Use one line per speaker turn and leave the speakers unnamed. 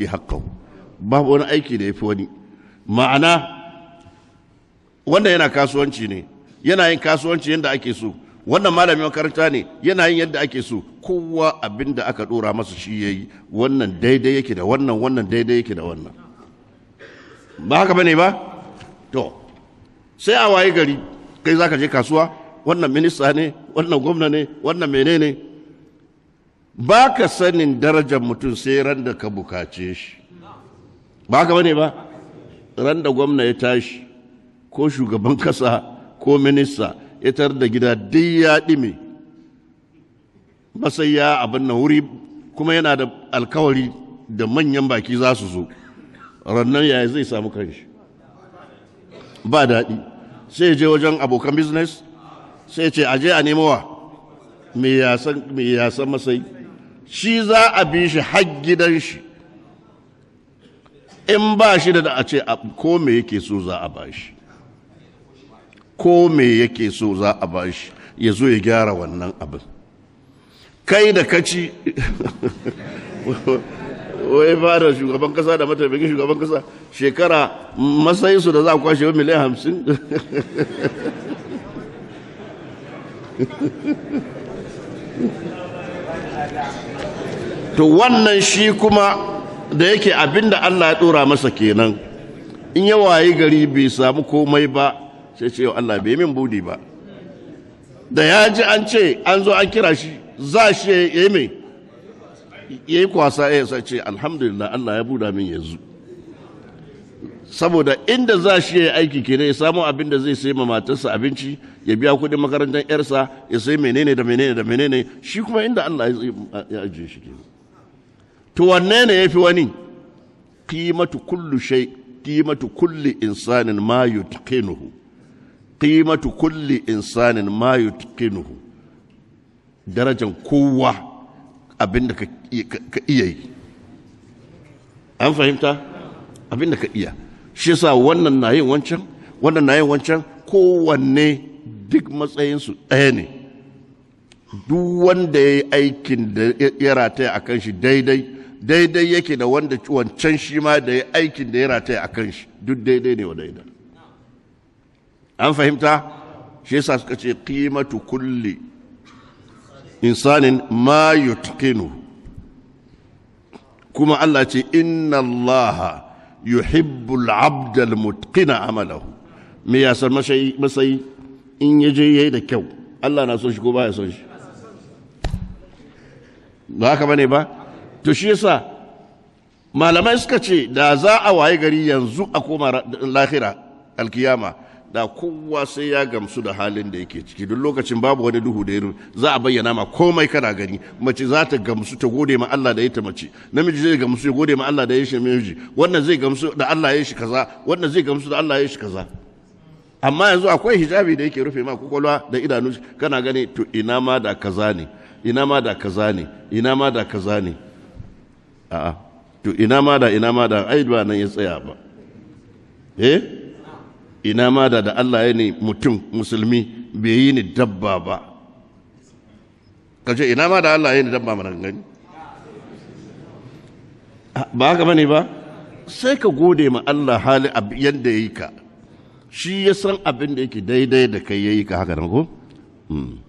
li haqqahu babu wani aiki da ya fi wani ma'ana wanda yana kasuwanci ne yana yin kasuwanci yadda ake so wannan malamin makaranta ne yana yin yadda ake so kowa abin da aka dora masa shi ya yi, wannan daidai yake da wannan wannan daidai yake da wannan ba haka bane ba to sai a waye gari kai za ka je kasuwa wannan minista ne wannan gwamna ne wannan menene ba ka sanin darajar mutum sai ran da ka bukace shi ba ka bane ba ran da gwamna ya tashi ko shugaban kasa ko minista ya tar da gida duk ya ɗime masaya abin na wuri kuma yana da alkawari da manyan baki za su zo rannan yaya zai samu kanshi ba daɗi sai je wajen abokan business sai ce aje a nemowa wa mai yasan masai shi za a bi shi har gidan shi in ba shi da a ce ko me yake so za a ba shi ko me yake so za a ba shi ya zo ya gyara wannan abin kai da kaci wai fara shugaban kasa da mataimakin shugaban kasa shekara matsayinsu da za a kwashe wa miliyan hamsin to wannan shi kuma da yake abinda Allah ya dora masa kenan in ya wayi gari bai samu komai ba sai ce Allah bai min budi ba da ya ji an ce an zo an kira shi za shi ya yi mai ya yi kwasa ya ce alhamdulillah Allah ya buda min yanzu saboda inda za shi ya yi aiki kenan ya samu abin da zai sai ma matarsa abinci ya biya kuɗin makarantar yarsa ya sai menene da menene da menene shi kuma inda Allah ya ajiye shi kenan to wanne ne yafi wani qimatu kullu shay qimatu kulli insanin ma yutqinuhu qimatu kulli insanin ma yutqinuhu darajan kowa abin da ka iya yi an fahimta abin da ka iya shi sa wannan na yin wancan wannan na yin wancan kowanne duk matsayinsu ɗaya ne duk wanda ya yi aikin da ya rataya a kan shi daidai daidai yake da wanda wancan shi ma da ya aikin da ya rataya a kan shi duk daidai ne wa daidai an fahimta shi sa suka ce kimatu kulli insanin ma yutqinu kuma Allah ce inna Allaha yuhibbul abdal mutqina amalahu me ya masayi in ya je yayi da kyau Allah na son shi ko baya son shi ba haka bane ba to shi yasa malamai suka ce da za a wayi gari yanzu a koma lahira alkiyama da kowa sai ya gamsu da halin da yake ciki duk lokacin babu wani duhu da irin za a bayyana ma komai kana gani mace za ta gamsu ta gode ma Allah da ya ta mace namiji zai gamsu ya gode ma Allah da ya shi namiji wannan zai gamsu da Allah ya shi kaza wannan zai gamsu da Allah ya shi kaza amma yanzu akwai hijabi da yake rufe ma kokolwa da idanu kana gani to ina ma da kaza ne ina ma da kaza ne ina ma da kaza ne a'a to ina ma da ina ma da aidwa ba nan ya tsaya ba eh ina ma da da Allah ya ne mutum musulmi bai yi ni dabba ba kace ina ma da Allah ya ne dabba mana gani ah, ba haka bane ba sai ka gode ma Allah hali yadda yi ka shi ya san abin da yake daidai da kai yayi ka haka ko hmm.